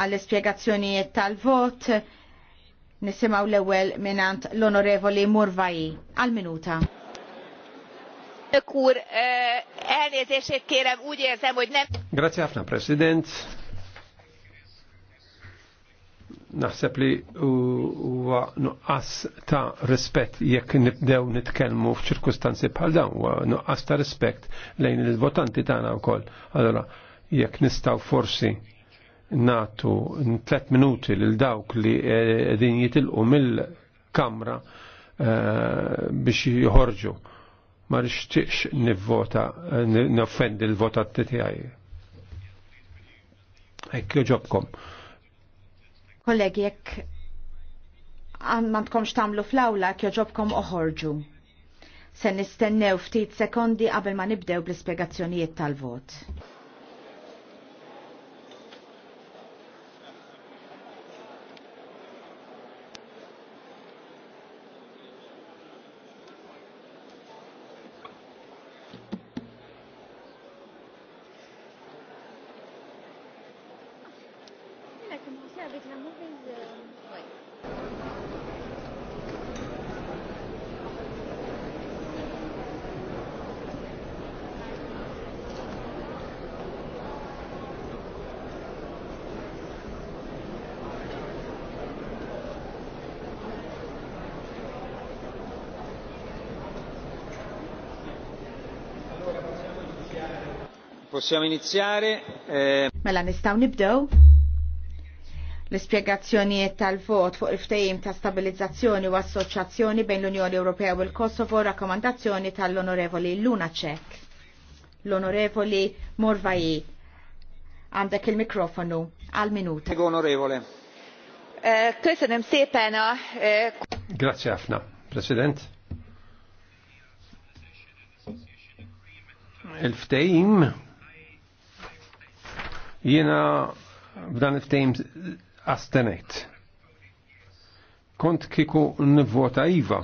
għall-espiegazzjonijiet tal-vot. Nisimaw l-ewel minant l-onorevoli Murvaji. Għal-minuta. Kur, elnézését kérem, úgy érzem, hogy nem... Grazie, Afna, President. Naħseb li huwa nuqqas ta' rispett jekk nibdew nitkellmu f'ċirkustanzi bħal dawn, huwa nuqqas ta' rispett lejn il-votanti tagħna wkoll. Allora, jekk nistgħu forsi natu tlet minuti lil dawk li eh, din jitilqu mill-kamra eh, biex joħorġu. Ma rixtieqx nivvota, eh, n-offendi l t-tijaj. Ekk joġobkom. Kollegi, jekk għandkomx tagħmlu fl-awla joġobkom oħorġu. Se nistennew ftit sekondi qabel ma nibdew bl-ispjegazzjonijiet tal-vot. possiamo iniziare. Eh, mela nistaw nibdew. l ispiegazzjoni tal-vot fuq il-ftehim ta' stabilizzazzjoni u assoċjazzjoni bejn l-Unjoni Ewropea u l-Kosovo rakkomandazzjoni tal-Onorevoli Luna Cech. L-Onorevoli Morvaji. Għandek il-mikrofonu għal minuta. Onorevole. Eh, köszönöm szépen a... Eh, Grazie Afna, President. il-ftejim Jiena b'dan il-ftejm astenet. Kont kiku nivvota iva.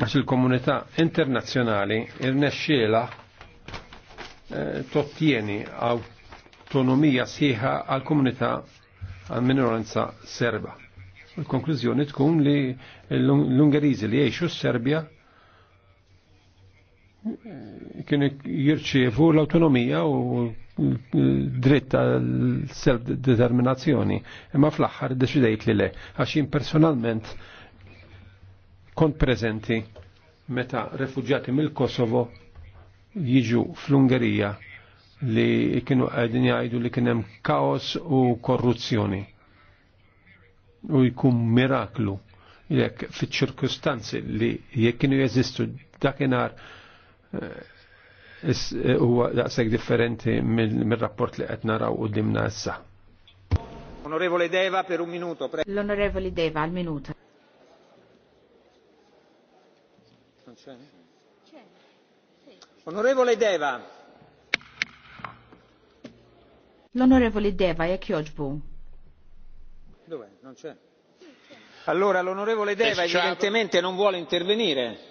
Għax il-komunità internazjonali internazzjonali nexxela eh, tottieni autonomija siħa għal komunità għal minoranza serba. Il-konklużjoni tkun li l-Ungerizi li jiexu s-Serbja kienu jirċievu l-autonomija u dritt tal-self-determinazzjoni. Imma fl-axħar deċidejt li le, għax personalment kont prezenti meta refugjati mill-Kosovo jiġu fl-Ungerija li kienu għedin jgħidu li kienem kaos u korruzzjoni. U jkun miraklu jekk fit ċirkustanzi li jekk kienu jeżistu dakinhar eh, Eh, huwa daqseg differenti mir-rapport li qed naraw qudiemna issa. Onorevole Deva per un minuto. L'onorevole Deva al minuto. Non Onorevole Deva. L'onorevole Deva è Chiogbu. Dov'è? Non c'è. Allora l'onorevole Deva evidentemente non vuole intervenire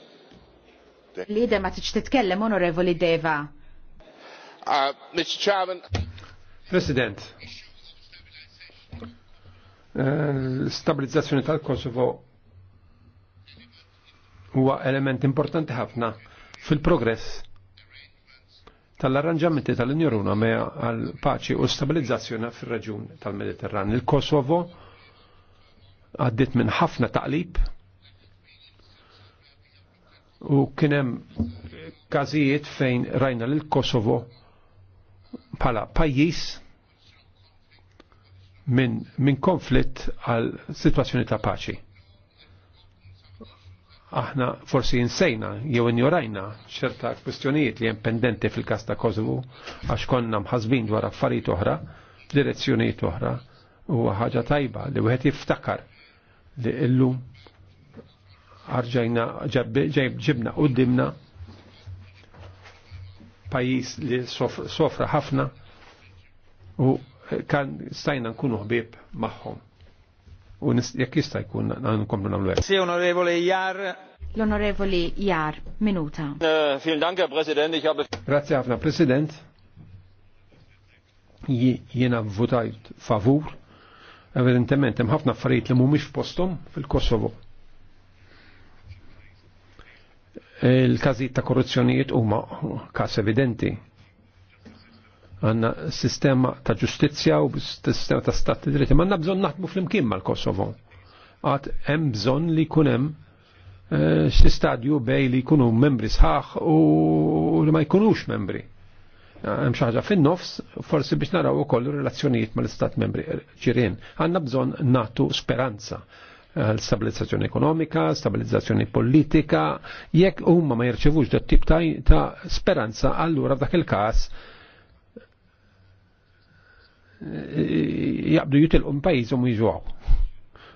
President. ma tiġ titkellem, Onorevoli Deva. Uh, Mr. Chairman. President. Eh, l-stabilizzazzjoni tal-Kosovo huwa element importanti ħafna fil-progress tal-arranġamenti tal-Unjoruna me għal paċi u stabilizzazzjoni fil-reġjun tal-Mediterran. Il-Kosovo għaddit minn ħafna taqlib u kienem kazijiet fejn rajna l-Kosovo pala pajis minn min konflitt għal situazzjoni ta' paċi. Aħna forsi insejna jew injorajna ċerta kwestjonijiet li hemm pendenti fil-kas ta' Kosovo għax konna mħazbin dwar affarijiet oħra, direzzjonijiet oħra u ħaġa tajba li wieħed jiftakar li illum arġajna ġibna u dimna pajis li sofra ħafna u kan stajna nkunu ħbib maħħom. U jek jista' jkun nkomplu nagħmlu hekk. Si onorevoli Jar. L'onorevoli Jar, minuta. Eh, vielen Dank, Herr Präsident. Grazie ħafna, President. Jena votajt favur. Evidentement hemm ħafna affarijiet li mhumiex postum fil-Kosovo il kazit ta' korruzzjonijiet huma każ evidenti. Għanna sistema ta' ġustizzja u sistema ta' stat dritti. Manna bżon naħdmu fl-imkien mal-Kosovo. Għad hemm bżon li kunem eh, xi stadju bej li jkunu membri sħaħ u li ma jkunux membri. Hemm xi ħaġa fin-nofs, forsi biex naraw ukoll relazzjonijiet mal-istat membri ġirien. Għandna bżonn nagħtu speranza Eh, stabilizzazzjoni ekonomika, stabilizzazzjoni politika, jekk huma ma jirċevux da tip ta' speranza, allura f'dak il-każ eh, un pajiz um jiġuaw.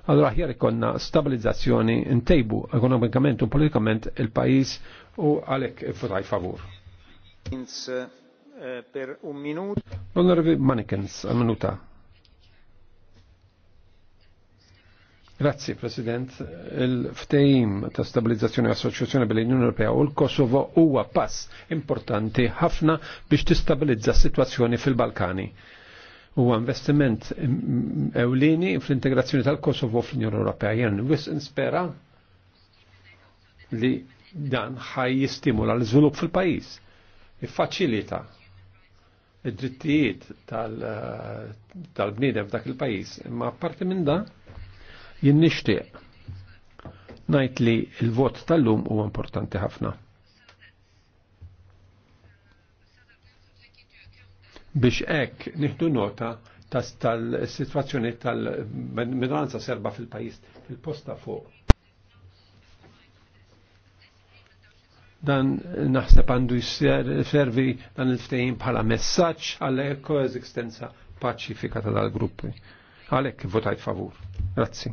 Allora ħjar ikonna stabilizzazzjoni ntejbu ekonomikament u politikament il pajiz u għalek futaj favur. Eh, per un minut. Onorevoli Manikens, un minuta. Grazzi, President. Il-ftejim ta' stabilizzazzjoni u assoċjazzjoni bil-Unjoni Ewropea u l-Kosovo huwa pass importanti ħafna biex tistabilizza s-sitwazzjoni fil-Balkani. Huwa investiment ewlieni fl-integrazzjoni tal-Kosovo fl-Unjoni Ewropea. Jien wis inspera li dan ħaj jistimula l-żvilupp fil-pajjiż, iffaċilita id-drittijiet eh, tal-bniedem f'dak il-pajjiż. Imma apparti minn dan, Jien nixtieq ngħid li l-vot tal-lum huwa importanti ħafna. Biex hekk niħdu nota tal-sitwazzjoni tal-minoranza serba fil-pajis fil-posta fuq. dan naħseb għandu jisservi dan il-ftejn bħala messaġġ għal koeżistenza paċifika tal dal-gruppi. Għalhekk votajt favur. Grazzi.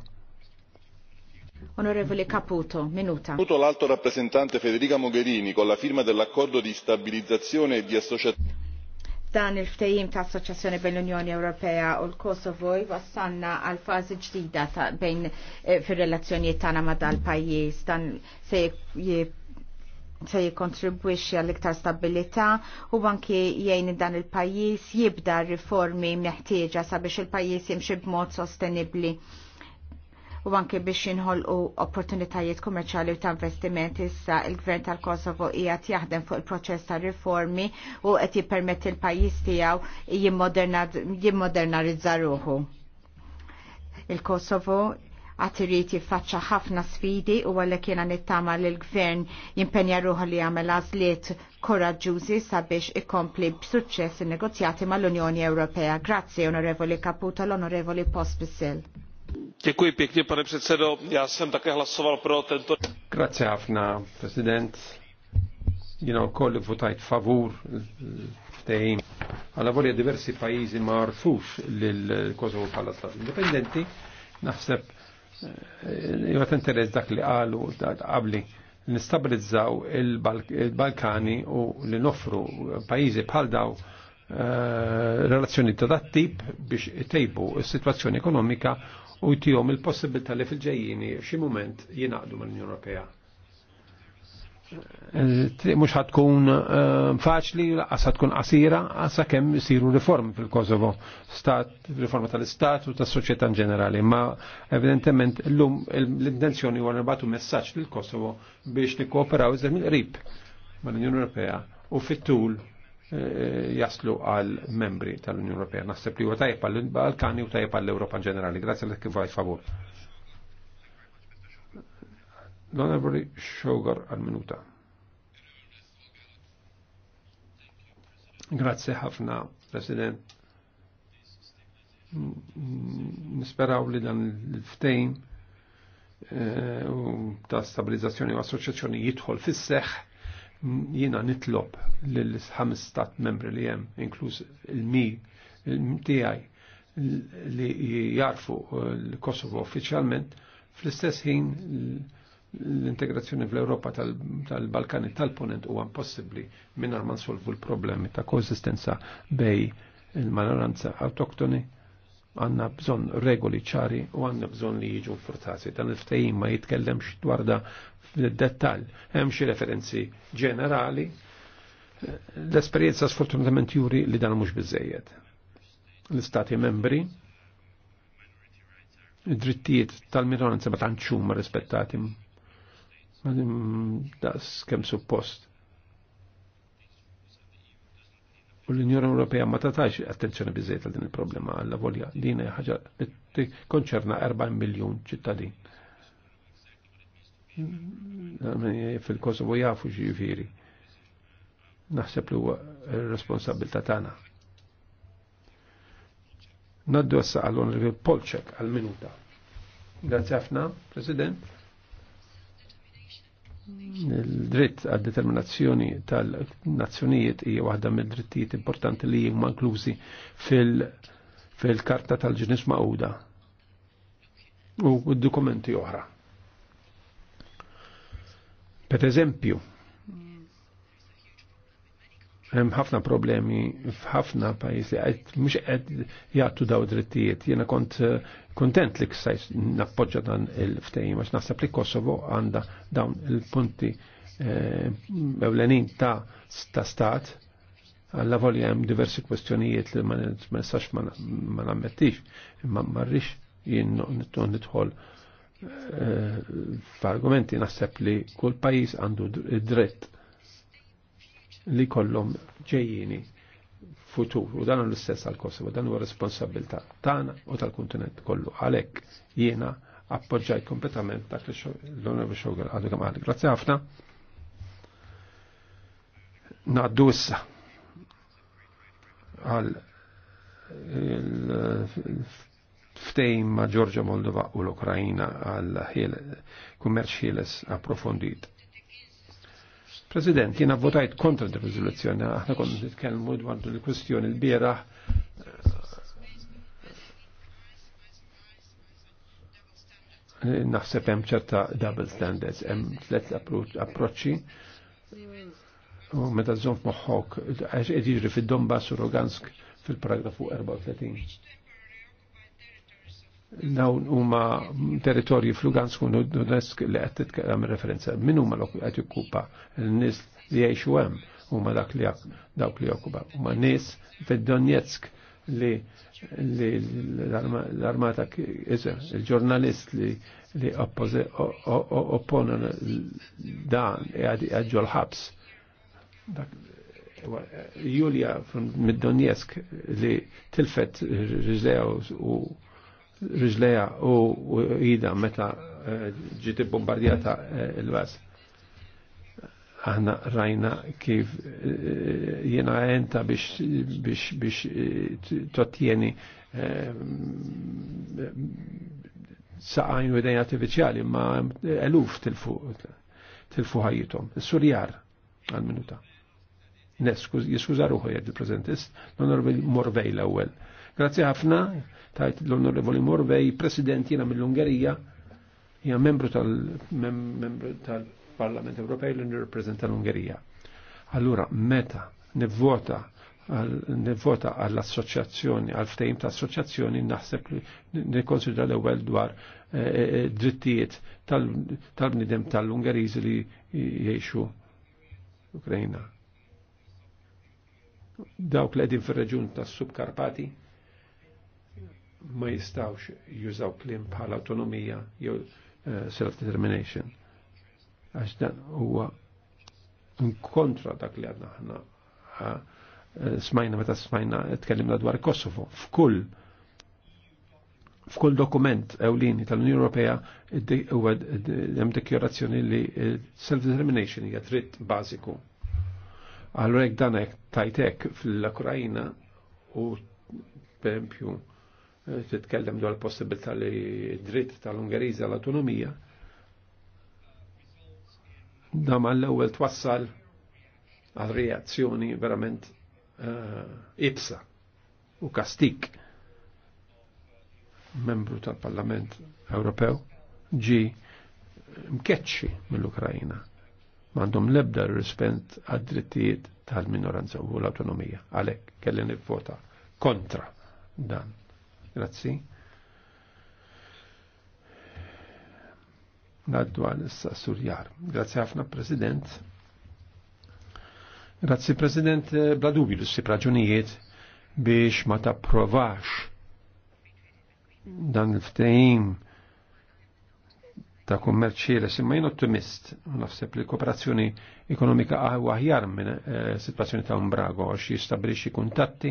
Onorevoli Caputo, minuta. Caputo l'alto rappresentante Federica Mogherini con la firma dell'accordo di stabilizzazione e di associazione. Dan il-ftejim ta' associazzjoni bejn l-Unjoni Ewropea u l-Kosovo jwassanna għal fażi ġdida ta' bejn eh, fir-relazzjonijiet tagħna ma' dal-pajjiż dan se se jikontribwixxi għall iktar stabilità u anke jgħin dan il-pajjiż jibda r riformi meħtieġa sabiex il-pajjiż jimxi b'mod sostenibbli u anke biex jinħolqu opportunitajiet kummerċali u ta' investiment issa il-Gvern tal-Kosovo qiegħed jaħdem fuq il-proċess ta' riformi u qed jippermetti l-pajjiż tiegħu jimmodernarizza ruħu. Il-Kosovo għat irrit jiffaċċa ħafna sfidi u għallek jena nittama li l-gvern jimpenja ruħu li għamel għazliet koraġġużi sabiex ikompli b'suċċess in-negozjati mal-Unjoni Ewropea. Grazzi, Onorevoli Caputo, l-Onorevoli Pospisil pane předsedající Já jsem také hlasoval pro tento... Grazie, Afna, votajt favur ftejn. għal diversi pajjiżi ma rfux l-Kosovo bħala stat indipendenti, naħseb eh, jgħat interess dak li qabli nistabilizzaw il-Balkani u li noffru bħal daw eh, relazzjoni ta' dat tip biex ekonomika u jtijom il-possibilità li fil-ġejjini xi moment jinaqdu mal-Unjoni Ewropea. Eh, Mux ħatkun eh, faċli, għas ħatkun qasira, għas kemm siru riformi fil-Kosovo, riforma tal-istat u tas in ġenerali, ma evidentement l-lum l-intenzjoni għu nibatu messaċ l-Kosovo biex nikkooperaw iżda il qrib mal-Unjoni Ewropea u fit-tul Eh, jaslu għal membri tal-Unjoni Ewropea. Naħseb li huwa tajjeb għall-Balkani u tajjeb għall-Ewropa in ġenerali. Grazzi l kif vaj favur. L-Honorable Shogar għal-minuta. Grazzi ħafna, President. Nisperaw li dan l-ftejn eh, ta' stabilizzazzjoni u assoċjazzjoni jidħol fis-seħħ jina nitlob l-ħamis stat membri li jem, inkluż il-mi, il mtijaj li jarfu eh, l-Kosovo uffiċjalment, fl-istess ħin l-integrazzjoni fl-Europa tal-Balkani tal-Ponent huwa impossibbli minna ma nsolvu l-problemi ta' konsistenza bej il-manoranza autoktoni għanna bżon regoli ċari u għanna bżon li jiġu furtasi. Dan il ftajim ma jitkellemx dwar da f'dettall, dettal Hemm xi referenzi ġenerali. L-esperjenza sfortunatament juri li dan mhux biżejjed. L-istati membri id-drittijiet tal-minoranza ma tantxum rispettati. Da kemm suppost U l-Unjoni Ewropea ma tatax attenzjoni biżejt għal din il-problema għalla volja li jina ħaġa li konċerna 40 miljun ċittadin. Fil-Kosovo jafu ġifiri. Naħseb li huwa responsabilta tagħna. Naddu għassa għall-Onorevole Polċek għal-minuta. Grazie ħafna, President il-dritt għad determinazzjoni tal-nazzjonijiet hija waħda mill-drittijiet importanti li huma inklużi fil-karta fil tal-ġinis mawda u dokumenti oħra. Per eżempju, hemm ħafna problemi f'ħafna pajjiżi. qed mhux qed jagħtu daw drittijiet. Jiena kont eh, kontent li ksajt nappoġġa dan il-ftehim għax naħseb li Kosovo għandha dawn il-punti eh, ewlenin ta' ta' stat għalla volja hemm diversi kwestjonijiet li ma nistax ma nammettix, imma marrix jien nidħol eh, f'argumenti naħseb li kull pajjiż għandu dritt li kollhom ġejjini futur u dan l-istess għal Kosovo, dan huwa responsabilità tagħna u tal-kontinent kollu. Għalhekk jiena appoġġaj kompletament dak li l-Onorevoli Xogel għadu għamad. Grazie Grazzi ħafna. naddu issa għal ftejn ma' Giorgia Moldova u l-Ukrajina għal kummerċ ħieles approfondit. President, jina votajt kontra d riżoluzzjoni aħna konna nitkellmu dwar il-kwestjoni l-bieraħ naħseb hemm ċerta double standards, hemm tliet approċċi u meta żżomm f'moħħok qed jiġri fid-Donbass u Rogansk fil-paragrafu 34 dawn huma territorji f'Lugansk u Donetsk li qed titkellem referenza min huma qed jokkupa n-nies li jgħixu hemm huma dak li dawk li jokkupa huma nies fid-Donetsk li l-armata il-ġurnalist li li oppona dan l ħabs. Julia mid-Donetsk li tilfet riżew u riġleja u ida meta eh, ġiti bombardjata eh, il-vas. Aħna rajna kif eh, jena enta biex biex biex tottieni saqajn u idejn artificiali ma eluf til-fuq til Surjar għal-minuta. Jiskuża ruħu jgħid il-prezentist, l-Onorevoli Morvej l-ewwel. Grazzi ħafna, tajt l-Onorevoli Morvej, President jiena mill-Ungerija, hija membru tal-Parlament Ewropej li nirrepreżenta l-Ungerija. Allura, meta nivvota nivvota għall-assoċjazzjoni, għal-ftejim ta' assoċjazzjoni, naħseb li nikonsidra l ewwel dwar eh, eh, drittijiet tal-bnidem tal-Ungarizi li jiexu Ukraina dawk li għedin fil-reġun ta' subkarpati ma jistawx jużaw klim bħal autonomija jew eh, self-determination. Għax dan huwa kontra dak li għadna ħna eh, smajna meta smajna tkellimna dwar Kosovo. F'kull f'kull dokument ewlieni tal-Unjoni Ewropea huwa hemm dekjorazzjoni li eh, self-determination hija dritt bażiku Allora jek danek tajtek fil-Ukrajina u per eh, titkellem dwar possibilità li dritt tal-Ungheriża l-autonomija, dam għall-ewwel twassal għal reazzjoni verament eh, ibsa u kastik membru tal-Parlament Ewropew ġi mkeċċi mill-Ukrajina mandum lebda rispent għad-drittijiet tal-minoranza u l-autonomija. Għalek, kelli nivvota kontra dan. Grazzi. Naddu għal issa Surjar. Grazzi ħafna, President. Grazzi, President, bla dubju l praġunijiet biex ma provax dan il-ftehim ta' kummerċ ħieles imma jien ottimist naħseb li kooperazzjoni ekonomika għu aħjar minn eh, situazzjoni ta' umbrago għax jistabrixxi kuntatti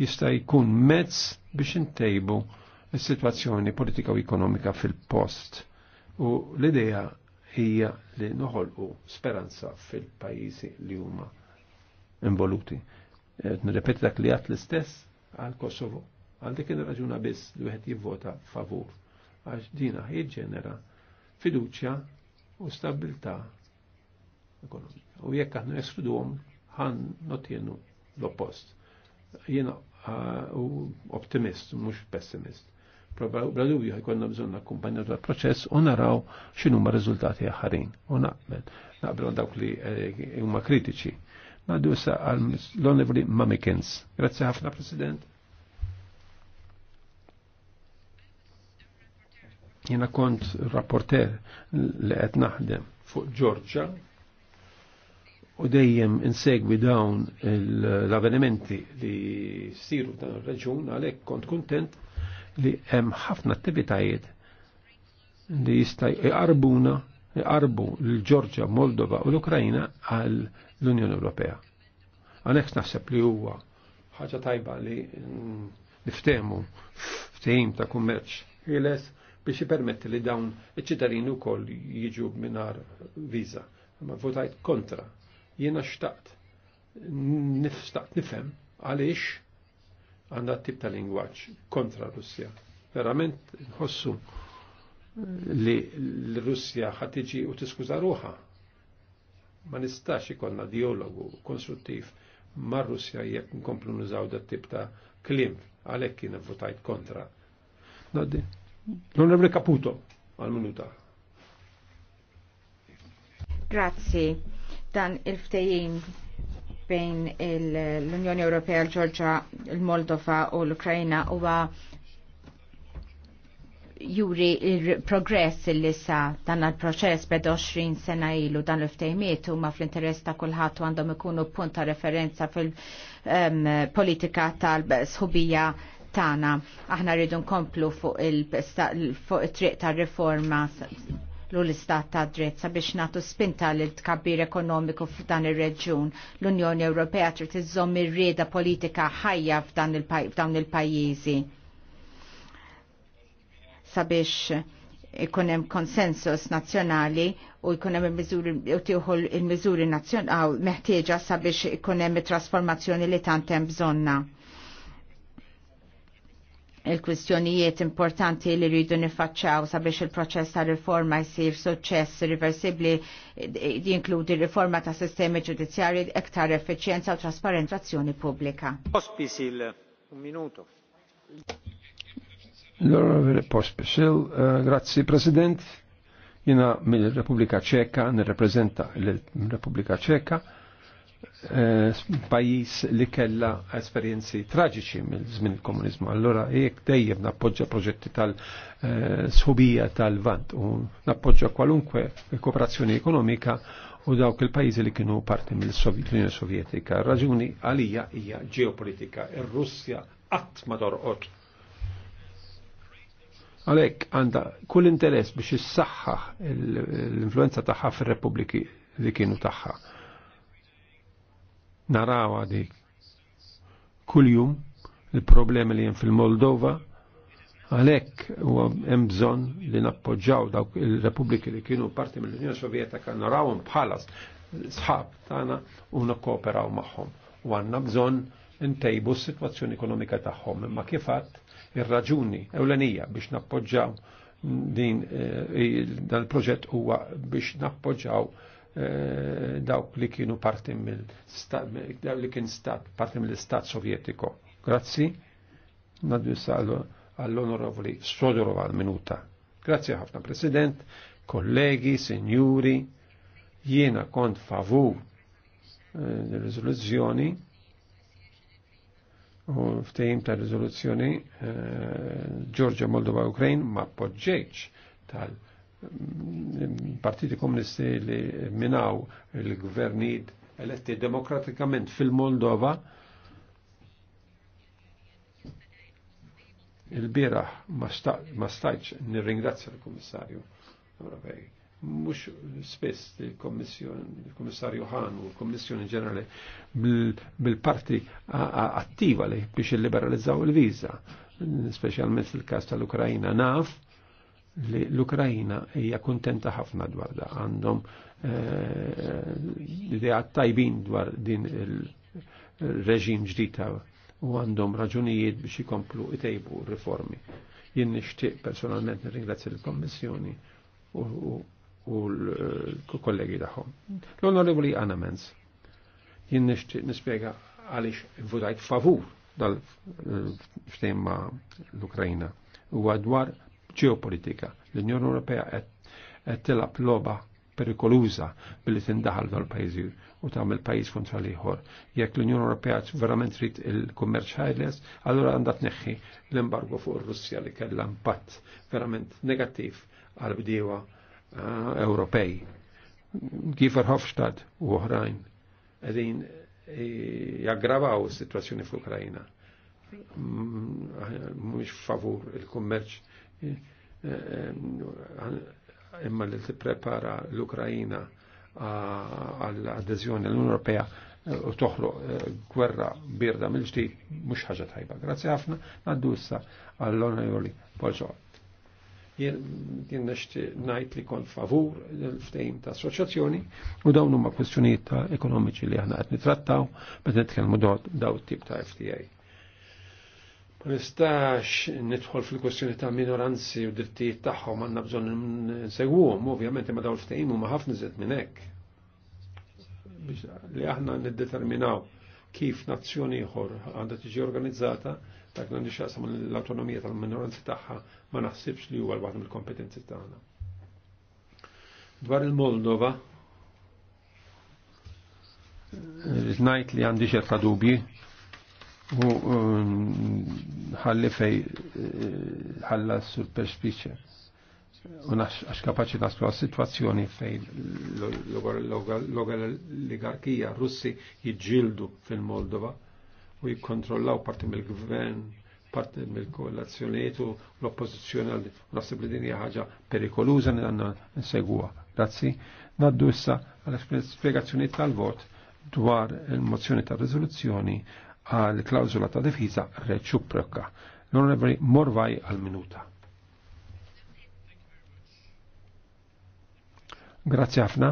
jista' jkun mezz biex intejbu s-situazzjoni politika u ekonomika fil-post. U l-idea hija li noħolqu speranza fil-pajjiżi li huma involuti. Eh, nirrepeti dak li għat l-istess għal Kosovo. Għal dik ir-raġuna biss li wieħed jivvota favur għax dina ħiġġenera ġenera fiduċja u stabilità ekonomika. U jekk aħna għom, ħan notjenu l-oppost. Jiena ah, optimist, mhux pessimist. Bla dubju ħajkonna bżonn akkumpanjaw dal proċess u naraw x'inhuma rizultati aħħarin. U naqbel, naqbel dawk li eh, huma kritiċi. Naddu issa għal l-Onevri Mamikins. Grazie ħafna, President. Jena kont rapporter li qed naħdem fuq Ġorġa u dejjem insegwi dawn l-avvenimenti li siru dan ir-reġun għalhekk kont kuntent li hemm ħafna attivitajiet li jista' iqarbuna iqarbu l-Ġorġa, Moldova u l-Ukrajna għal l-Unjoni Ewropea. Għalhekk naħseb li huwa ħaġa tajba li niftehmu ftehim ta' kummerċ ħieles biex jipermetti li dawn iċ-ċittadini wkoll jiġu minar viża. Ma votajt kontra. Jiena xtaqt. Nifstaqt nifhem għaliex għandha tip ta' lingwaġġ kontra Russja. Verament nħossu li l-Russja ħatiġi u tiskuża ruħa. Ma nistax ikollna dialogu konstruttiv mar Russja jekk nkomplu nużaw dat tip ta' klim għalhekk kien votajt kontra. Noddi. L-Onorevole Caputo, għal-minuta. Grazzi. Dan il-ftejjim bejn l-Unjoni Ewropea, l-Ġorġa, l-Moldova u l ukrajina huwa juri il-progress li sa dan il-proċess bed 20 sena ilu dan l-ftejmiet u ma fl-interess ta' kullħat għandhom ikunu punta referenza fil-politika tal-sħubija Tana Aħna rridu nkomplu fuq il-triq tar-riforma l-istat ta' dritt sabiex natu spinta l tkabbir ekonomiku f'dan ir-reġjun. L-Unjoni Ewropea trid iżżomm ir-rieda politika ħajja f'dawn il-pajjiżi. Sabiex ikun hemm konsensus nazzjonali u jkun hemm il-miżuri tieħu il-miżuri meħtieġa sabiex ikun hemm it-trasformazzjoni li tant hemm bżonna il-kwistjonijiet importanti li rridu nifacċaw sabiex il-proċess ta' riforma jisir suċċess irreversibbli jinkludi riforma ta' sistemi ġudizzjarji ektar effiċjenza u trasparentazzjoni pubblika. Pospisil, un minuto. L-Onorevole Pospisil, eh, grazzi President. Jina mill-Repubblika Ċeka, nirrepreżenta l-Repubblika Ċeka pajis li kella esperienzi traġiċi mill-żmien il-komunizmu. Allora jekk dejjem nappoġġa proġetti tal-sħubija tal-vant u nappoġġa kwalunkwe kooperazzjoni ekonomika u dawk il-pajjiżi li kienu parti mill-Unjoni Sovjetika. Raġuni għalija hija ġeopolitika. Ir-Russja qatt ma torqod. Għalhekk għandha kull interess biex issaħħaħ l-influenza tagħha fir-repubbliki li kienu tagħha narawa dik. Kuljum il-problemi li jen fil-Moldova għalek u hemm bżonn li nappoġġaw dawk il-Repubbliki li kienu parti mill-Unjoni Sovjetika narawhom bħalas sħab tagħna u nakkooperaw magħhom. U għandna bżonn intejbu s-sitwazzjoni ekonomika tagħhom, imma kif għadd ir-raġuni ewlenija biex nappoġġaw din eh, dan il-proġett huwa biex nappoġġaw Eh, dawk li kienu parti mill dawk li kien stat, parti mill-stat sovjetiko. Grazzi, naddu għall-onorevoli Sodorov għal-minuta. Grazzi ħafna, President, kollegi, senjuri, jiena kont favur eh, rizoluzzjoni u ftejim ta' rizoluzzjoni eh, Georgia, Moldova, Ukraine ma' poġġeċ tal- partiti komunisti li minaw il gvernid eletti demokratikament fil-Moldova il-biraħ ma stajċ nir-ringrazzja l-Komissarju Ewropej. Mux spess il-Komissarju Hahn u l komissjoni ġenerali bil-parti attiva li biex il-liberalizzaw il-viza, specialment fil-kas tal-Ukrajina naf li l-Ukrajina hija kuntenta ħafna dwar da għandhom eh, ideat tajbin dwar din il-reġim ġdita u għandhom raġunijiet biex jikomplu itejbu riformi. Jien nixtieq personalment nirringrazzja l-Kommissjoni u l-kollegi tagħhom. L-Onorevoli Anamens, jien nixtieq nispjega għaliex votajt favur dal-ftejn eh, l ukrajina u għadwar ġeopolitika. L-Unjoni Ewropea qed tilab loba perikoluża billi tindaħal dal pajjiżi u tagħmel pajjiż kontra l-ieħor. Jekk l-Unjoni Ewropea verament trid il-kummerċ ħajles, allura għandha tneħħi l-embargo fuq ir-Russja li kellha impatt verament negattiv għal bdiewa eh, Ewropej. Giefer Hofstad u oħrajn qegħdin eh, jaggravaw is-sitwazzjoni fl-Ukrajna. Mm, Mhux favur il-kummerċ imma li tipprepara l-Ukrajina għall adezjoni l-Unjoni Ewropea eh, u toħloq eh, gwerra birda mill-ġdid mhux ħaġa tajba. Grazie ħafna għaddu issa għall onajoli Polġor. Jien najt li kon favur l-ftehim ta' assoċjazzjoni u dawn huma kwistjonijiet ta' ekonomiċi li aħna qed nitrattaw meta nitkellmu daw tip ta' FTA. Nistax nidħol fil-kwestjoni ta' minoranzi u drittijiet tagħhom għandna bżonn nsegwuhom, ovvjament imma dawl ftehim huma ħafna żed minn hekk. Biex li aħna niddeterminaw kif nazzjoni ieħor għandha tiġi organizzata, dak għandi xaqsam l awtonomija tal-minoranzi tagħha ma naħsibx li huwa l-waħda mill-kompetenzi tagħna. Dwar il-Moldova, ngħid li għandi ċerta dubji u um, ħalli fej eh, ħalla superspice u għax kapaċi naslu għas situazzjoni fej l-oligarkija russi jġildu fil-Moldova u jikontrollaw parti mill-gvern parti mill koalazzjonietu l-oppozizjoni għal nasib li dinja ħagġa perikoluza n għanna n-segwa. Grazzi. Naddu issa għal spiegazzjoni tal-vot dwar il-mozzjoni tal-rezoluzzjoni għal klawzula ta' difiża reċiproka. L-Onorevoli Morvaj għal minuta. Grazie ħafna.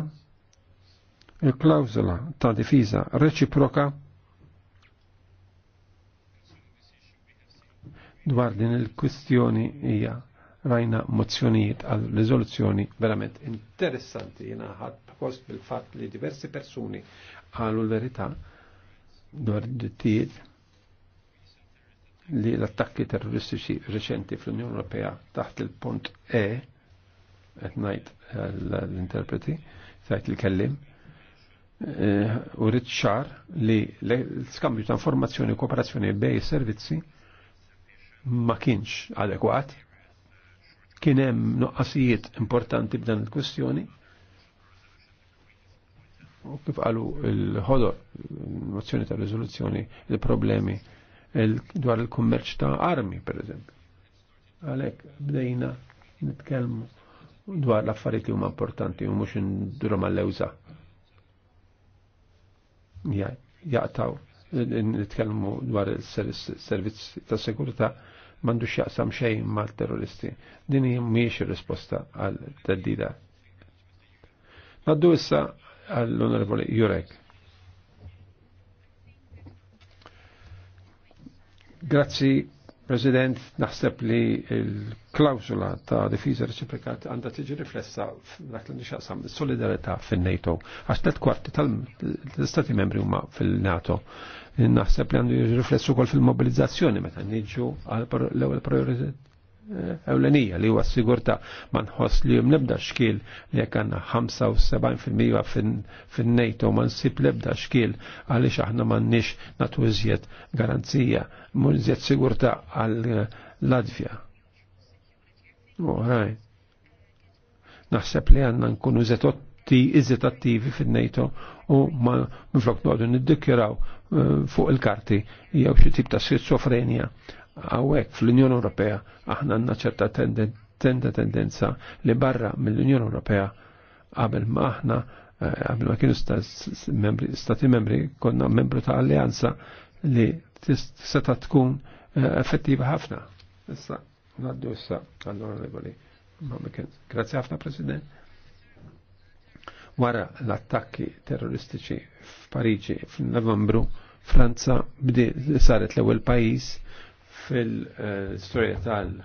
Il-klawzula ta' difiża reċiproka dwar din il-kwistjoni hija rajna mozzjonijiet għal riżoluzzjoni verament interessanti jena ħad post bil-fatt li diversi persuni għalu l-verità dwar id-dittijiet li l-attakki terroristiċi reċenti fl-Unjoni Ewropea taħt il-punt E, qed ngħid eh, l-interpreti, tajt il-kellim, eh, u rrid ċar li l-skambju ta' informazzjoni u kooperazzjoni bej servizzi ma kienx adekwat, kien hemm noqqasijiet importanti b'dan il-kwestjoni, U kif qalu il-ħodor, mozzjoni ta' rezoluzzjoni, il-problemi dwar il-kummerċ ta' armi, per eżempju. Għalek, bdejna nitkelmu dwar l affariet li huma importanti u mhux indurhom għall-lewża. Jaqtaw, nitkellmu dwar il-servizz ta' sekurità mandu xaqsam xejn mal-terroristi. Din hija mhijiex ir-risposta għal teddida. Naddu issa għall-Onorevoli Jurek. Grazzi, President, naħseb li l-klausula ta' difiża reċiprokat għandha tiġi riflessa f'dak li nixaqsam solidarità fin-NATO. Għax tliet kwarti tal-Stati membri huma fil-NATO. Naħseb li għandu riflessu kol fil-mobilizzazzjoni meta niġu għal l-ewwel ewlenija li huwa s ma nħoss li nibda xkil li jekk għandna 75% fin nejto ma nsib lebda xkil għaliex aħna m'għandniex nagħtu iżjed garanzija, mu iżjed sigurta għal Latvja. Uħraj. Naħseb li għandna nkunu iżjed iżjed attivi fin nejto u ma minflok noqogħdu niddikjaraw eh, fuq il-karti jew xi tip ta' schizofrenja Għawek fl-Unjoni Ewropea aħna għandna ċerta tenda tendenza li barra mill-Unjoni Ewropea qabel ma aħna eh, qabel ma kienu stati membri konna membru ta' alleanza li seta tkun eh, effettiva ħafna. Issa, għaddu issa għall-onorevoli. Grazie ħafna, President wara l-attakki terroristiċi f'Pariġi f'Novembru, Franza bdi saret l-ewwel pajjiż fil-storja tal-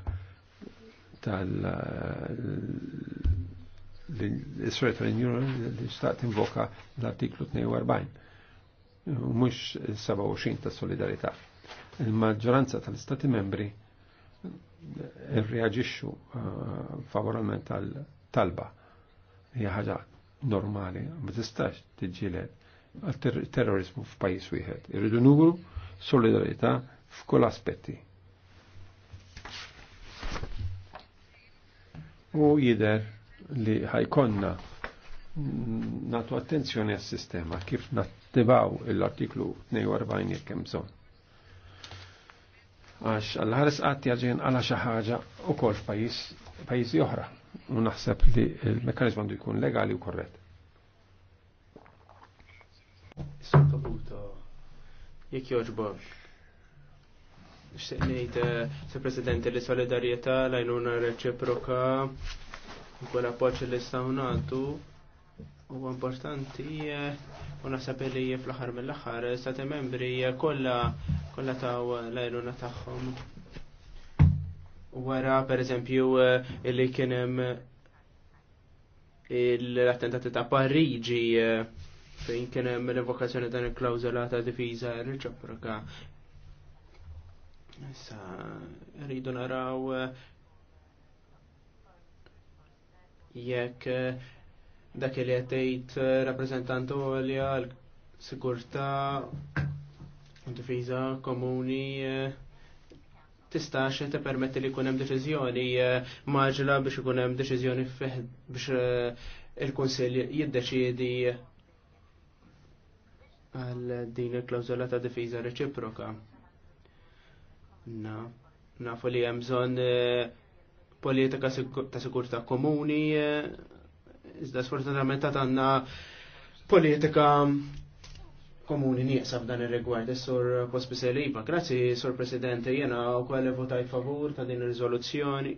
tal- l-istorja tal-Unjoni li xtaqt invoka l-artiklu 42 mux 27 ta' solidarietà. Il-maġġoranza tal-Stati membri reagixxu eh, favorament tal-talba. Hija ħaġa normali, ma tistax tiġġieled għal terrorizmu f'pajjiż wieħed. Irridu nuru solidarietà f'kull aspetti. u jider li ħajkonna natu attenzjoni għas sistema kif nattibaw l-artiklu 42 jekk hemm bżonn. Għax għall-ħares qatt jaġin għala xi ħaġa wkoll f'pajjiż pajjiżi oħra u naħseb li l-mekkaniżmu għandu jkun legali u korrett. jek joġbok, xtiqnejt eh, se presidenti li solidarieta lajnuna reċiproka eh, u kol appoċ li stawnatu u importanti u nasab li fl ħar mill-axar eh, stati membri kolla kolla taw lajnuna taħħom wara per eżempju li kienem l-attentati ta' Parigi fejn kienem l invokazzjoni dan il-klawzola ta' difiża reċiproka Issa, rridu naraw eh, jekk eh, dak li għetejt eh, rappresentant għolja l-sigurta u difiża komuni tistax te permetti li hemm deċiżjoni maġla biex kunem deċizjoni biex il kunsill jiddeċiedi għal din il-klawzola ta' difiża reċiproka. Na, Nafu li hemm bżonn eh, politika ta' sigurtà komuni, eh, iżda sfortunatament ta' għandna politika komuni nieqsa f'dan ir-rigward is-sur Pospiselima. Grazzi, sur Presidente. jiena wkoll votajt favur ta' din ir-riżoluzzjoni.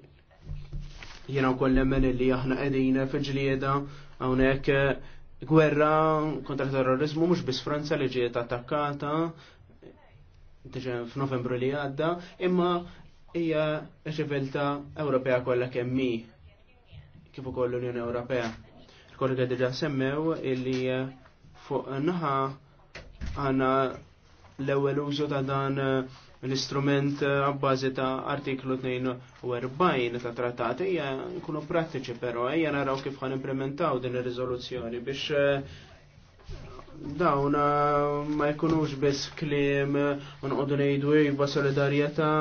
Jiena wkoll nemmen li aħna qegħdin fil-ġlieda hawnhekk gwerra kontra terrorizmu mhux biss Franza li ġiet attakkata diġa f'Novembru li għadda, imma hija ċiviltà Ewropea kollha kemm mi kif ukoll l-Unjoni Ewropea. Il-kollega diġa semmew illi eh, fuq naħa għandna l-ewwel użu ta' dan eh, l-istrument eh, għabbażi ta' artiklu 42 ta' trattat hija nkunu prattiċi però ejja naraw kif ħan implementaw din ir-riżoluzzjoni biex dawn eh, ma jkunux biss kliem unqodu eh, ngħidu iva solidarjetà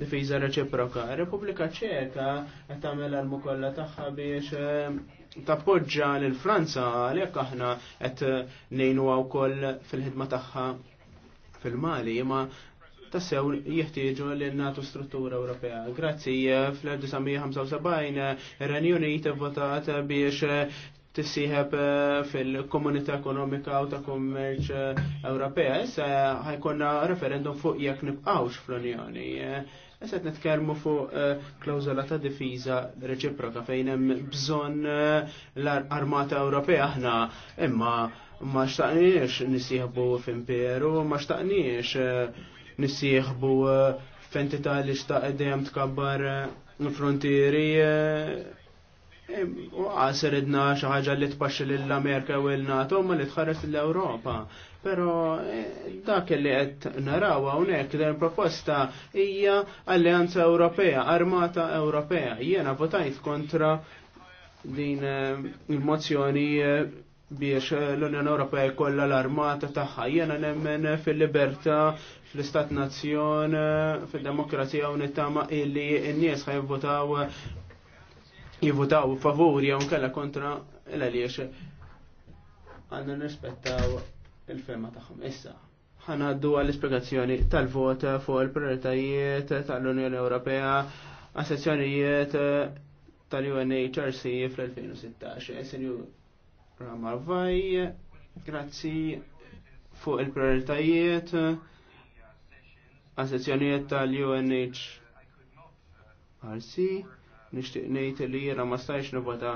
difiża reċiproka. Repubblika Ċeka qed tagħmel l kollha tagħha biex eh, tappoġġa lil Franza għalhekk aħna qed ngħinuha wkoll fil-ħidma tagħha fil-Mali imma tassew jieħtieġu l natu struttura Ewropea. Grazzi fl-1975 Renju Unit biex tissieħeb eh, fil-komunità ekonomika u ta' kummerċ eh, Ewropea. Issa eh, ħajkonna referendum fuq jekk nibqgħux fl-Unjoni. Issa qed nitkellmu fuq klawżola ta' difiża reċiproka fejn hemm bżonn l-Armata Ewropea aħna imma ma xtaqniex nisieħbu f'imperu, ma xtaqniex nisieħbu f'entità li xtaq dejjem tkabbar l-frontieri U għasir idna xaħġa li tpaxxi l-Amerika u l-NATO ma li tħares l-Europa. Pero eh, dak li qed narawa hawnhekk dan proposta hija Alleanza Ewropea, Armata Ewropea. Jiena votajt kontra din eh, il-mozzjoni eh, biex l-Unjoni Ewropea jkollha l-armata tagħha. Jiena nemmen fil-libertà, fl-istat nazzjon, fil-demokrazija u nittama illi n-nies ħajvotaw jivutaw favur jew kalla kontra l-għaliex għanna nispettaw il-ferma tagħhom. Issa, għaddu għall-ispiegazzjoni tal-vot fuq il-prioritajiet tal-Unjoni Ewropea għas sezzjonijiet tal-UNHRC fl-2016. Eh, Senju Ramarvaj, grazzi fuq il-prioritajiet għas sezzjonijiet tal-UNHRC nixtieq ngħid li jiena ma stajx nivota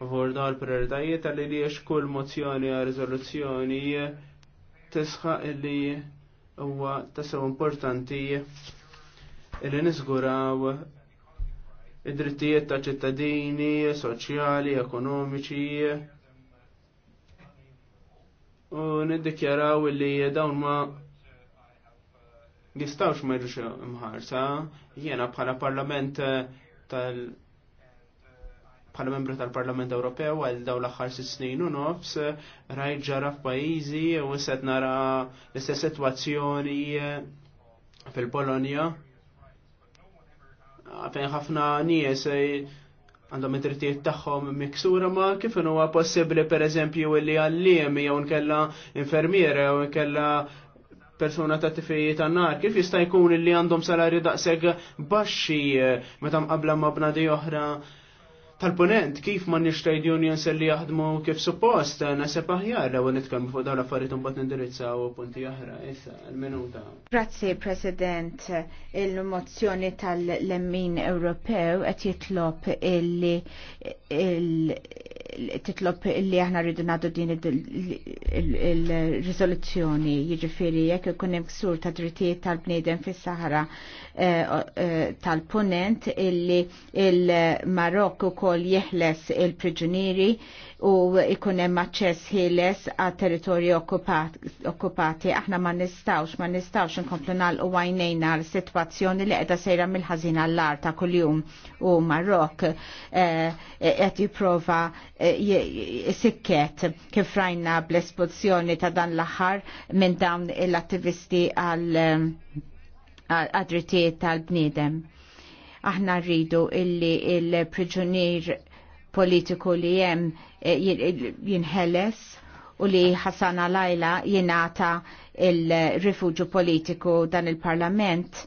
favur l il-prioritajiet għalli li kull mozzjoni għal riżoluzzjoni tisħaq li huwa tassew importanti li niżguraw id-drittijiet ta' ċittadini, soċjali, ekonomiċi. U niddikjaraw li dawn ma jistawx ma jġux imħarsa. Jena bħala parlament tal bħala membru tal-Parlament Ewropew għal daw l-aħħar sitt snin u nofs rajt ġara f'pajjiżi u set nara l-istess sitwazzjoni fil-Polonja. Fejn ħafna nies eh, għandhom id-drittijiet tagħhom miksura ma kif huwa possibbli pereżempju li għalliem jew nkella infermiera jew nkella persuna ta' tifejiet tan-nar, kif jista' jkun li għandhom salari daqseg baxxi eh, meta mqabla ma' bnadi oħra tal-ponent, kif ma' trade unions li jaħdmu kif suppost, eh, nasib aħjar law nitkellmu fuq dawn l-affarijiet imbagħad u punti oħra, issa l-minuta. Grazzi President, il-mozzjoni tal-Lemmin Ewropew qed jitlob illi il titlob li aħna rridu nagħdu din il-riżoluzzjoni jiġifieri jekk ikun hemm ksur ta' drittijiet tal-bniedem fis-Sahara eh, eh, tal-Punent illi il-Marokk ukoll jeħles il-priġunieri u ikun hemm aċċess ħieles għat territorji okkupati. Aħna ma nistgħux ma nistgħux inkomplu nagħlqu għajnejna l-sitwazzjoni li qiegħda sejra mill-ħażin għall-ar ta' kuljum u Marokk eh, qed jipprova sikket kif rajna bl-espulsjoni ta' dan l-aħħar minn dawn l-attivisti għal um, għadritiet tal-bniedem. Aħna rridu illi il-priġunier politiku li jem eh, jinħeles u li ħasana Lajla jinata il-rifugju politiku dan il-parlament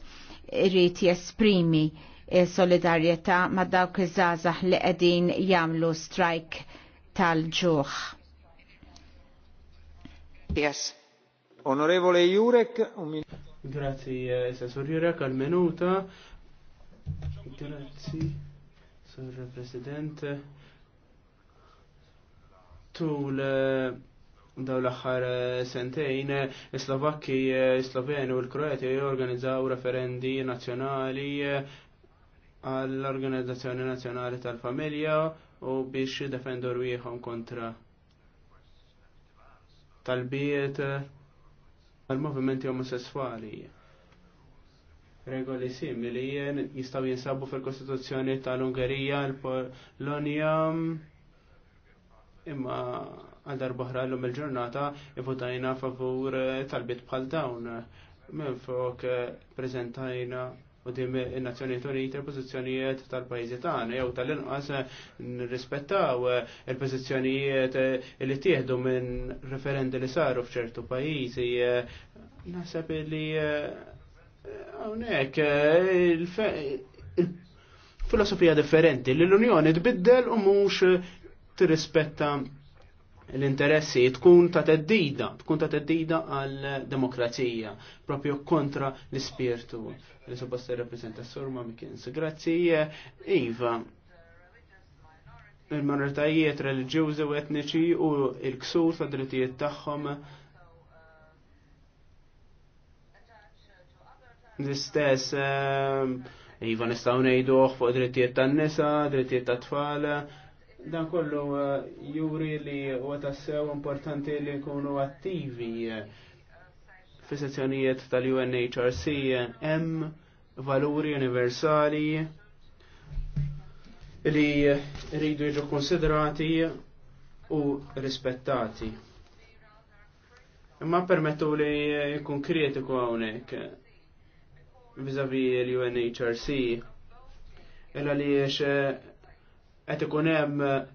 irrit jesprimi eh, solidarjetà ma' dawk iż żazax li qegħdin jagħmlu strajk tal-ġuħ. Yes. Onorevole Jurek, un minuto. Grazie, eh, Sessor Jurek, al minuto. Grazie, Sessor Presidente. Tul eh, daw l axar eh, sentejn, Slovakki, Sloveni u l-Kroati jorganizzaw referendi nazjonali għall-Organizzazzjoni Nazjonali tal-Familja u biex defendor wieħom kontra talbiet eh, tal-movimenti omosessuali. Regoli simili eh, jistaw jinsabu fil-Kostituzzjoni tal-Ungerija, l polonia imma għal boħra l-lum il-ġurnata votajna favur eh, talbiet bħal dawn. Minn fuq prezentajna u dim il-Nazzjoniet Unite il-pozizjonijiet tal-pajzi tagħna jew tal-inqas nirrispettaw il-pozizjonijiet li tieħdu minn referendi li saru f'ċertu pajjiżi. Naħseb li eh, hawnhekk eh, filosofija differenti li l-Unjoni tbiddel u mhux tirrispetta l-interessi tkun ta' teddida, tkun ta' teddida għal-demokrazija, propju kontra l-spirtu li supposta jirrappreżenta s-surma Mikins. Grazzi, Iva, il-minoritajiet reliġjużi u etniċi u il-ksur ta' drittijiet tagħhom l-istess eh, Iva nistaw nejduħ fuq drittijiet tan-nisa, drittijiet tat-tfal, Dan kollu eh, juri li huwa tassew importanti li jkunu attivi eh, fi sezzjonijiet tal-UNHRC hemm eh, valuri universali li rridu jiġu konsiderati u rispettati. Imma permettu li jkun kritiku hawnhekk vizavi l-UNHRC illa li qed ikun hemm eh,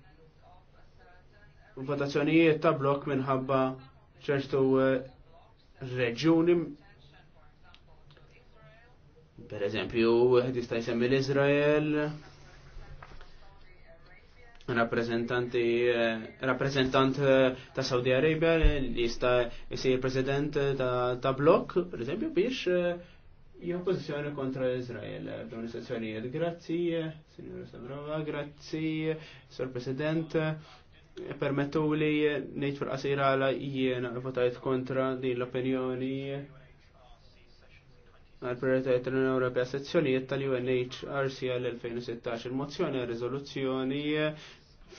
votazzjonijiet ta' blok minħabba ċertu eh, reġjuni per eżempju, għed jista' jsemmi l-Izrael, rappresentanti, eh, rappresentant ta' Saudi Arabia li jista' jisir president ta', ta blok, per eżempju, biex Jo pożizzjoni kontra l-Izrael f'dawn is-sezzjonijiet. Grazzi, Signora Sabrova, grazzi, Sur President, permettu li ngħid fil-qasira għala jiena votajt kontra din l-opinjoni għal prioritajiet l unjoni Ewropea sezzjonijiet tal-UNHRC għal-2016 il-mozzjoni għal riżoluzzjoni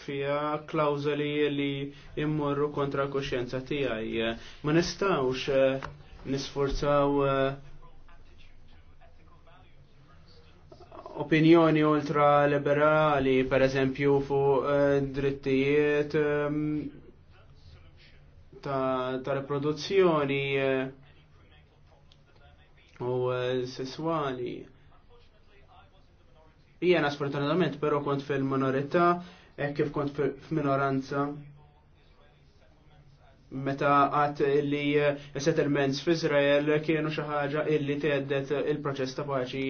fija klawżoli li immorru kontra l-kuxjenza tiegħi. Ma nistgħux nisforzaw opinjoni ultraliberali, per eżempju, fu eh, drittijiet ehm, ta', reproduzzjoni riproduzzjoni eh, u eh, sessuali. Jena sfortunatament, pero kont fil-minorita, e kif kont fil-minoranza meta għat li eh, settlements f'Izrael kienu xi ħaġa illi tgħeddet il-proċess ta' paċi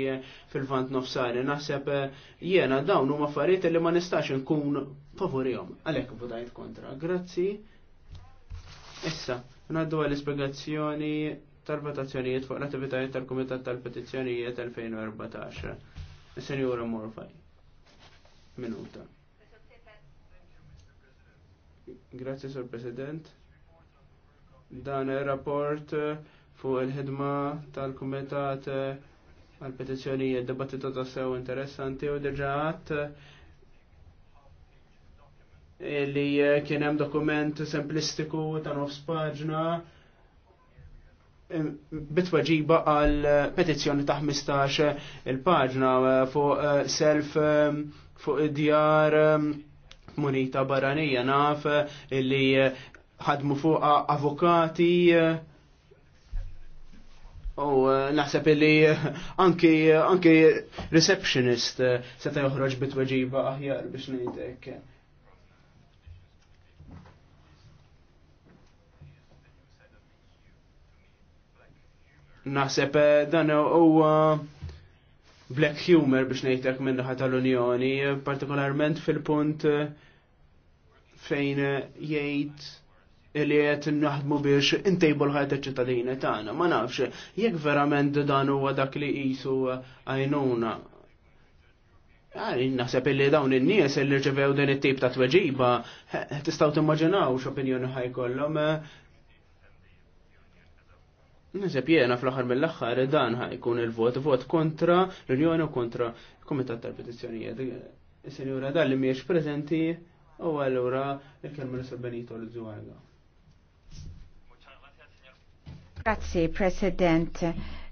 fil-vant nofsari. Naħseb eh, jiena dawn huma affarijiet li ma nistax nkun favorihom. Għalhekk votajt kontra. Grazzi. Issa, ngħaddu għall-ispjegazzjoni tal-votazzjonijiet fuq l-attivitajiet tal-Kumitat tal-Petizzjonijiet 2014. Is-Senjura Morfaj. Minuta. Grazie, Sor President dan ir-rapport eh, fuq il-ħidma tal-Kumitat eh, għal-petizzjonijiet debattita ta' sew interessanti u diġaħat eh, li kien hemm dokument semplistiku ta' nofs paġna bitwaġiba għal petizzjoni ta' 15 il-paġna fuq self fuq id-djar munita barranija naf li ħadmu fuq avokati eh, u eh, naħseb li eh, anki anki receptionist seta joħroġ bitweġiba aħjar biex ngħidlek. Naħseb dan huwa black humor biex ngħidlek minn naħa tal-Unjoni, partikolarment fil-punt fejn jgħid li qed naħdmu biex intejbu l ċittadini tagħna. Ma nafx, jekk verament dan huwa dak li qisu għajnuna. Naħseb illi dawn in-nies illi rċevew din it-tip ta' tweġiba, tistgħu timmaġinaw x'opinjoni ħajkollhom. Eh. Niseb jena fl-axar mill-axar dan ħajkun il-vot, vot kontra l-Unjoni u kontra il-Komitat tal-Petizzjonijiet. Is-senjura dan li miex prezenti u għallura il-kelma l-Sur Benito l-Zuarga. Grazzi, President.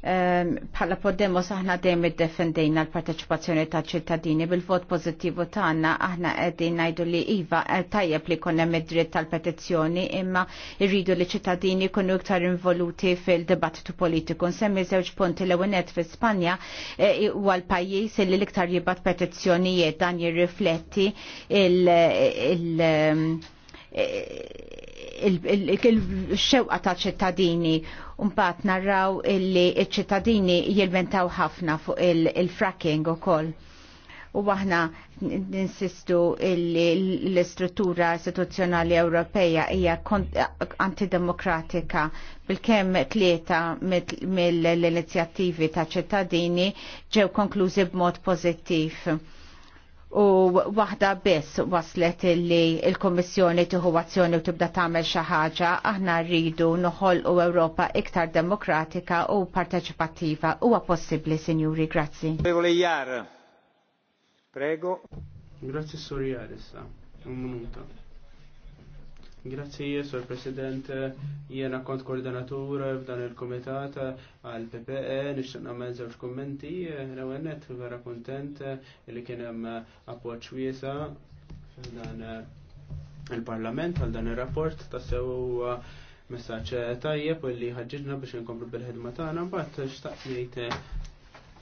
Palla ehm, Podemos aħna dejjem id-defendejna l-parteċipazzjoni ta' ċittadini bil-vot pożittivu tagħna aħna qegħdin ngħidu li iva eh, tajjeb li jkun hemm id-dritt tal-petizzjoni imma rridu li ċittadini jkunu iktar involuti fil-dibattitu politiku. Nsemmi żewġ punti l ewwel fi Spanja eh, huwa l-pajjiż li l-iktar jibgħat petizzjonijiet dan jirrifletti il il-xewqa ta' ċittadini unbat narraw illi ċittadini jilmentaw ħafna fuq il-fracking u koll. U waħna ninsistu illi l-istruttura istituzzjonali Ewropeja hija antidemokratika bil-kem tlieta mill-inizjattivi ta' ċittadini ġew konklużi b'mod pożittiv u waħda biss waslet li il-Kommissjoni tieħu azzjoni u tibda tagħmel xi ħaġa, aħna rridu noħolqu Ewropa iktar demokratika u parteċipattiva. Huwa possibbli, Sinjuri, grazzi. Prego Lejjar. Prego. Grazzi Un minuto. Grazzi, Sur President, jiena kont koordinatur f'dan il-komitat għal PPE, nixtieq nagħmel żewġ kummenti, rewennet vera kontent li kien hemm appoġġ wiesa f'dan il-Parlament għal dan ir-rapport tas-sew messaġġ tajjeb u li ħaġġiġna biex inkomplu bil-ħidma tagħna, mbagħad xtaqt ngħid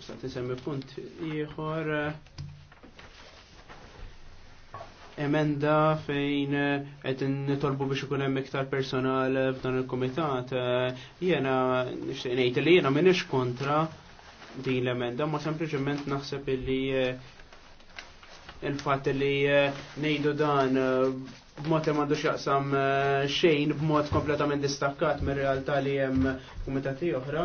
xtaqt isemmi punt ieħor emenda fejn eh, qed nitolbu biex ikun hemm iktar personal eh, f'dan il-kumitat. Eh, jiena nixtieq ngħid li jiena m'iniex kontra din l-emenda, ma sempliċement naħseb illi il-fatt li ngħidu dan b'mod li m'għandux jaqsam xejn b'mod kompletament distakkat mir-realtà li hemm kumitati oħra,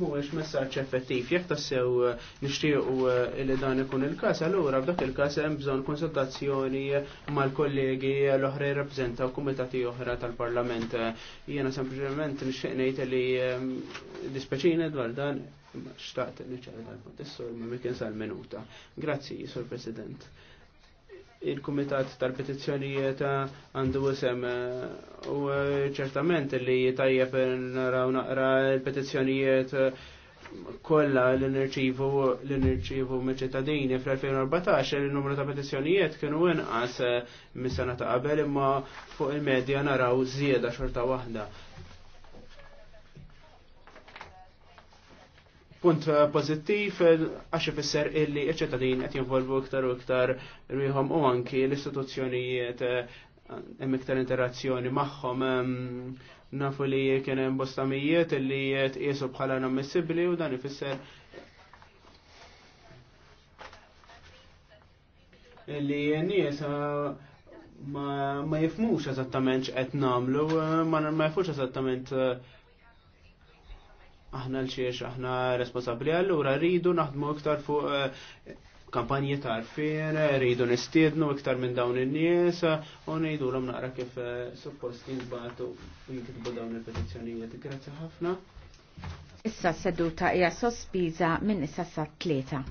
Mhuwiex messaġġ effettiv, jekk tassew eh, nixtiequ eh, li dan ikun il-każ, allura f'dak il-każ hemm bżonn konsultazzjoni eh, mal-kollegi l-oħra jirrappreżentaw kumitati oħra tal-Parlament. Jiena sempliċement nixtieq ngħid li dispeċina dwar dan xtaqt niċċar dal-punt ma' sal-minuta. Grazzi, Sur President il-Kumitat tal-Petizzjonijiet għandu isem eh, u eh, ċertament li tajjeb naraw naqra il-petizzjonijiet eh, kolla l-nirċivu l-nirċivu meċ fl-2014 il-numru ta' petizzjonijiet kienu inqas mis-sena ta' qabel imma fuq il-medja naraw żieda xorta waħda. punt eh, pozittiv eh, għax ifisser illi iċ għet qed jinvolvu iktar u iktar rihom u anki l-istituzzjonijiet eh, hemm iktar interazzjoni magħhom nafu li kien hemm bostamijiet illi tqiesu bħala inammissibbli u dan ifisser illi n-nies ma, jifmux eżattament x'qed nagħmlu, ma, ma jifmux eżattament uh, aħna l-xiex, aħna responsabli għallura rridu naħdmu iktar fuq eh, kampanji ta' arfien, rridu nistiednu iktar minn dawn in-nies, u ngħidu l naqra kif eh, suppost jinbatu jinkitbu dawn il-petizzjonijiet. Grazzi ħafna. Issa seduta hija sospiża minn issa sa' tlieta.